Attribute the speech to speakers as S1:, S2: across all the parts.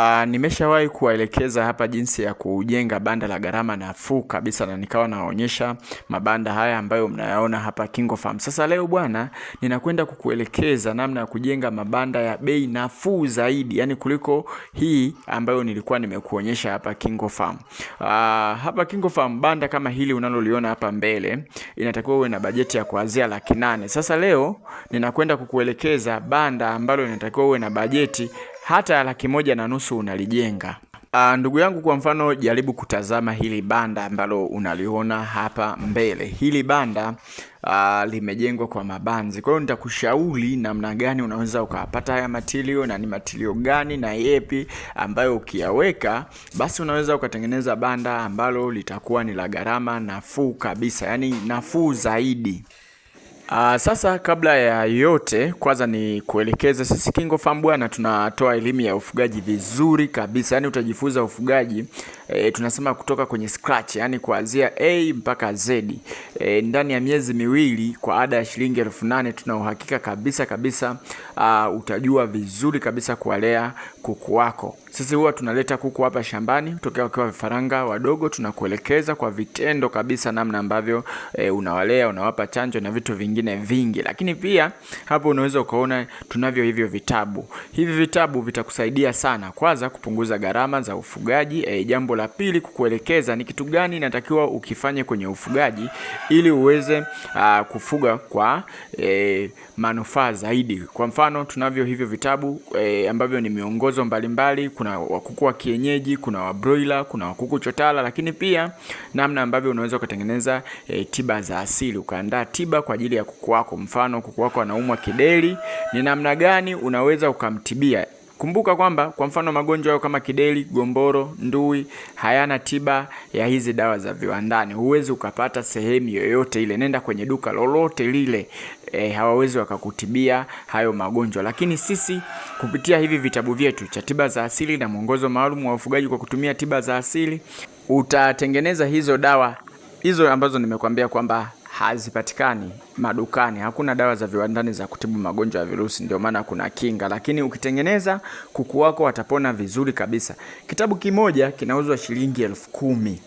S1: Uh, nimeshawahi kuwaelekeza hapa jinsi ya kujenga banda la gharama nafuu kabisa na nikawa naonyesha mabanda haya ambayo mnayaona hapa Kingo Farm. Sasa leo bwana, ninakwenda kukuelekeza namna ya kujenga mabanda ya bei nafuu zaidi, yani kuliko hii ambayo nilikuwa nimekuonyesha hapa Kingo Farm. Uh, hapa Kingo Farm banda kama hili unaloliona hapa mbele inatakiwa uwe na bajeti ya kuanzia laki nane. Sasa leo ninakwenda kukuelekeza banda ambalo inatakiwa uwe na bajeti hata laki moja na nusu unalijenga. Uh, ndugu yangu, kwa mfano jaribu kutazama hili banda ambalo unaliona hapa mbele. Hili banda uh, limejengwa kwa mabanzi, kwa hiyo nitakushauri namna gani unaweza ukawapata haya matilio na ni matilio gani na yepi ambayo ukiyaweka basi unaweza ukatengeneza banda ambalo litakuwa ni la gharama nafuu kabisa, yaani nafuu zaidi. Uh, sasa kabla ya yote kwanza ni kuelekeza sisi Kingo fam bwana tunatoa elimu ya ufugaji vizuri kabisa. Yaani utajifunza ufugaji e, tunasema kutoka kwenye scratch, yani kuanzia A mpaka Z. E, ndani ya miezi miwili kwa ada ya shilingi elfu nane tuna uhakika kabisa kabisa uh, utajua vizuri kabisa kuwalea kuku wako. Sisi huwa tunaleta kuku hapa shambani tokea wakiwa vifaranga wadogo, tunakuelekeza kwa vitendo kabisa namna ambavyo e, unawalea, unawapa chanjo na vitu vingine vingi. Lakini pia hapo unaweza ukaona tunavyo hivyo vitabu. Hivi vitabu vitakusaidia sana, kwanza kupunguza gharama za ufugaji e, jambo la pili kukuelekeza ni kitu gani inatakiwa ukifanye kwenye ufugaji ili uweze a, kufuga kwa e, manufaa zaidi. Kwa mfano tunavyo hivyo vitabu e, ambavyo ni miongozo mbalimbali mbali, kuna wakuku wa kienyeji, kuna wa broiler, kuna wakuku chotala, lakini pia namna ambavyo unaweza ukatengeneza e, tiba za asili, ukaandaa tiba kwa ajili ya kuku wako. Mfano kuku wako anaumwa kideri, ni namna gani unaweza ukamtibia Kumbuka kwamba kwa mfano magonjwa hayo kama kideri, gomboro, ndui hayana tiba ya hizi dawa za viwandani. Huwezi ukapata sehemu yoyote ile, nenda kwenye duka lolote lile e, hawawezi wakakutibia hayo magonjwa. Lakini sisi kupitia hivi vitabu vyetu cha tiba za asili na mwongozo maalum wa ufugaji kwa kutumia tiba za asili utatengeneza hizo dawa hizo ambazo nimekuambia kwamba hazipatikani madukani. Hakuna dawa za viwandani za kutibu magonjwa ya virusi, ndio maana kuna kinga, lakini ukitengeneza kuku wako watapona vizuri kabisa. Kitabu kimoja kinauzwa shilingi elfu kumi.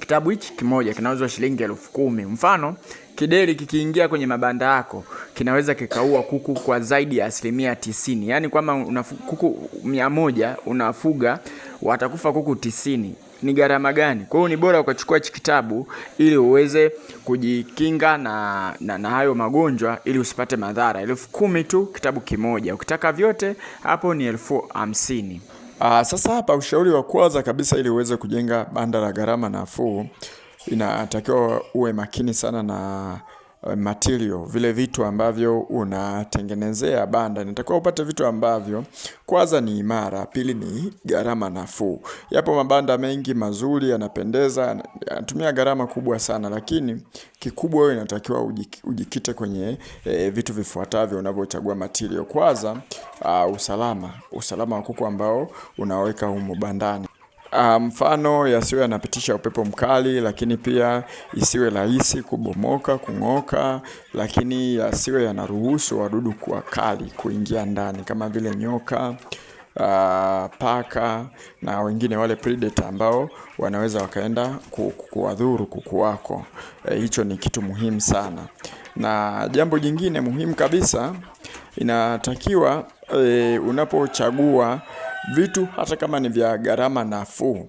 S1: Kitabu hichi kimoja kinauzwa shilingi elfu kumi. Mfano, kideri kikiingia kwenye mabanda yako kinaweza kikaua kuku kwa zaidi ya asilimia tisini. Yaani kwamba una kuku mia moja unafuga watakufa kuku tisini ni gharama gani. Kwa hiyo ni bora ukachukua hichi kitabu ili uweze kujikinga na, na, na hayo magonjwa ili usipate madhara. Elfu kumi tu kitabu kimoja, ukitaka vyote hapo ni elfu hamsini. Aa, ah, sasa hapa ushauri wa kwanza kabisa ili uweze kujenga banda la gharama nafuu inatakiwa uwe makini sana na Eh, material, vile vitu ambavyo unatengenezea banda, nitakuwa upate vitu ambavyo kwanza ni imara, pili ni gharama nafuu. Yapo mabanda mengi mazuri yanapendeza, yanatumia gharama kubwa sana, lakini kikubwa wewe inatakiwa ujikite kwenye e, vitu vifuatavyo unavyochagua material. Kwanza ah, usalama, usalama wa kuku ambao unaweka humo bandani. Ah, mfano um, yasiwe yanapitisha upepo mkali, lakini pia isiwe rahisi kubomoka, kung'oka, lakini yasiwe yanaruhusu wadudu kuwa kali kuingia ndani kama vile nyoka Uh, paka na wengine wale predator ambao wanaweza wakaenda ku, kuwadhuru kuku wako. E, hicho ni kitu muhimu sana. Na jambo jingine muhimu kabisa inatakiwa e, unapochagua vitu hata kama ni vya gharama nafuu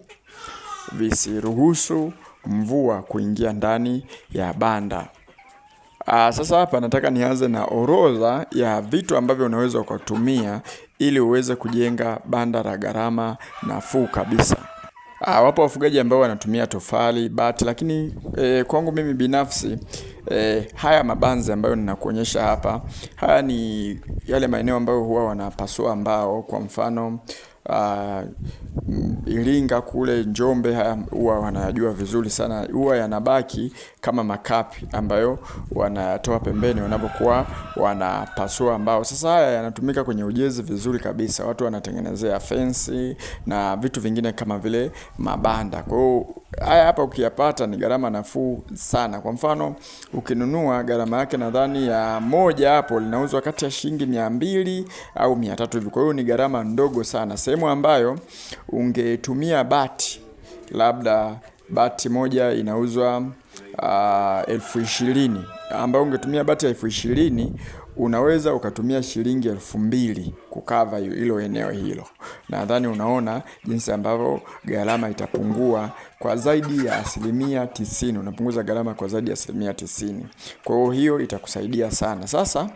S1: visiruhusu mvua kuingia ndani ya banda. Aa, ah, sasa hapa nataka nianze na orodha ya vitu ambavyo unaweza ukatumia ili uweze kujenga banda la gharama nafuu kabisa. Aa, ah, wapo wafugaji ambao wanatumia tofali, bati, lakini e, kwangu mimi binafsi eh, haya mabanzi ambayo ninakuonyesha hapa, haya ni yale maeneo ambayo huwa wanapasua mbao, kwa mfano Uh, Iringa kule Njombe, haya huwa wanayajua vizuri sana, huwa yanabaki kama makapi ambayo wanayatoa pembeni wanapokuwa wanapasua mbao. Sasa haya yanatumika kwenye ujenzi vizuri kabisa, watu wanatengenezea fensi na vitu vingine kama vile mabanda. Kwa hiyo haya hapa ukiyapata ni gharama nafuu sana. Kwa mfano ukinunua, gharama yake nadhani ya moja hapo linauzwa kati ya shilingi mia mbili au mia tatu hivi, kwa hiyo ni gharama ndogo sana, sehemu ambayo ungetumia bati labda bati moja inauzwa uh, elfu ishirini ambayo ungetumia bati ya elfu ishirini unaweza ukatumia shilingi elfu mbili kukava hilo eneo hilo. Nadhani unaona jinsi ambavyo gharama itapungua kwa zaidi ya asilimia tisini. Unapunguza gharama kwa zaidi ya asilimia tisini. Kwa hiyo hiyo itakusaidia sana. Sasa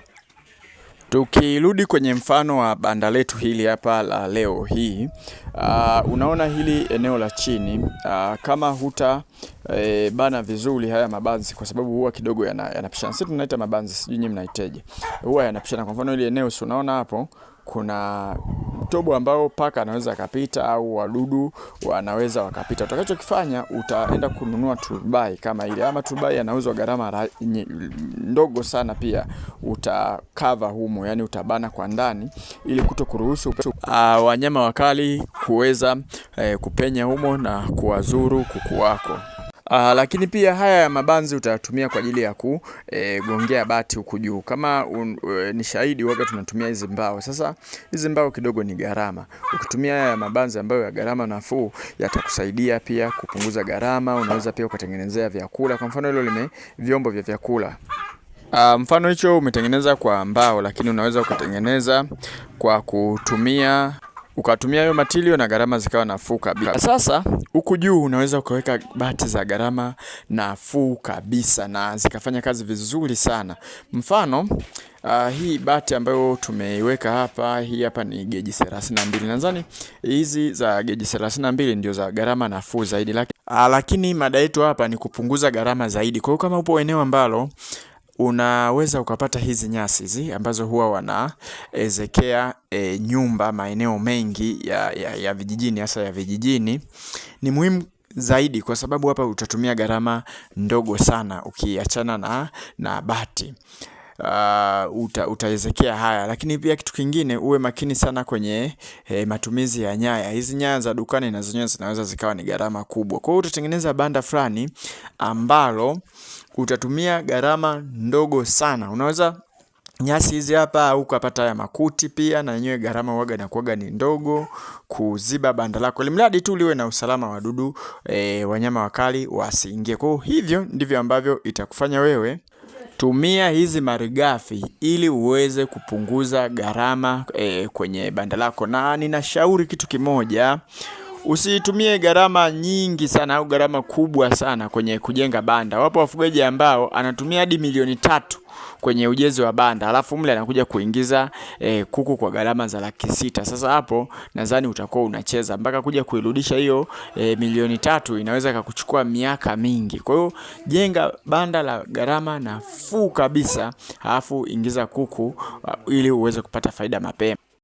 S1: Tukirudi kwenye mfano wa banda letu hili hapa la leo hii, uh, unaona hili eneo la chini uh, kama huta e, bana vizuri haya mabanzi, kwa sababu huwa kidogo yanapishana. Sisi tunaita mabanzi, sijui nyinyi mnaiteje, huwa yanapishana. Kwa mfano hili eneo, si unaona hapo kuna mtobo ambao paka anaweza akapita au wadudu wanaweza wakapita. Utakachokifanya utaenda kununua turubai kama ile, ama turubai anauzwa gharama ndogo sana, pia utakava humo, yani utabana kwa ndani ili kuto kuruhusu uh, ah, wanyama wakali kuweza eh, kupenya humo na kuwazuru kuku wako. Uh, lakini pia haya ya mabanzi utayatumia kwa ajili ya kugongea eh, e, bati huku juu. Kama eh, ni shahidi waga, tunatumia hizi mbao. Sasa hizi mbao kidogo ni gharama. Ukitumia haya ya mabanzi ambayo ya gharama nafuu, yatakusaidia pia kupunguza gharama. Unaweza pia ukatengenezea vyakula, kwa mfano hilo lime vyombo vya vyakula Uh, mfano hicho umetengeneza kwa mbao, lakini unaweza ukatengeneza kwa kutumia ukatumia hayo matilio na gharama zikawa nafuu kabisa. Sasa huku juu unaweza ukaweka bati za gharama nafuu kabisa na zikafanya kazi vizuri sana. Mfano uh, hii bati ambayo tumeiweka hapa, hii hapa ni geji 32 nadhani hizi za geji 32 ndio za gharama nafuu zaidi, lakini, ah, lakini mada yetu hapa ni kupunguza gharama zaidi. Kwa hiyo kama upo eneo ambalo unaweza ukapata hizi nyasi hizi ambazo huwa wanaezekea eh, e, eh, nyumba maeneo mengi ya, ya, ya vijijini hasa ya vijijini ni muhimu zaidi kwa sababu hapa utatumia gharama ndogo sana ukiachana na, na bati uh, utaezekea uta, haya. Lakini pia kitu kingine, uwe makini sana kwenye eh, matumizi ya nyaya. Hizi nyaya za dukani na zenyewe zinaweza zikawa ni gharama kubwa. Kwa hiyo utatengeneza banda fulani ambalo utatumia gharama ndogo sana. Unaweza nyasi hizi hapa ukapata ya makuti pia, na yenyewe gharama waga na kuaga ni ndogo kuziba banda lako, limradi tu liwe na usalama wadudu e, eh, wanyama wakali wasiingie. Kwa hivyo ndivyo ambavyo itakufanya wewe Tumia hizi malighafi ili uweze kupunguza gharama e, kwenye banda lako, na ninashauri kitu kimoja Usitumie gharama nyingi sana au gharama kubwa sana kwenye kujenga banda. Wapo wafugaji ambao anatumia hadi milioni tatu kwenye ujenzi wa banda, alafu mle anakuja kuingiza e, kuku kwa gharama za laki sita. Sasa hapo nadhani utakuwa unacheza mpaka kuja kuirudisha hiyo e, milioni tatu inaweza kakuchukua miaka mingi. Kwa hiyo jenga banda la gharama nafuu kabisa, alafu ingiza kuku ah, ili uweze kupata faida mapema.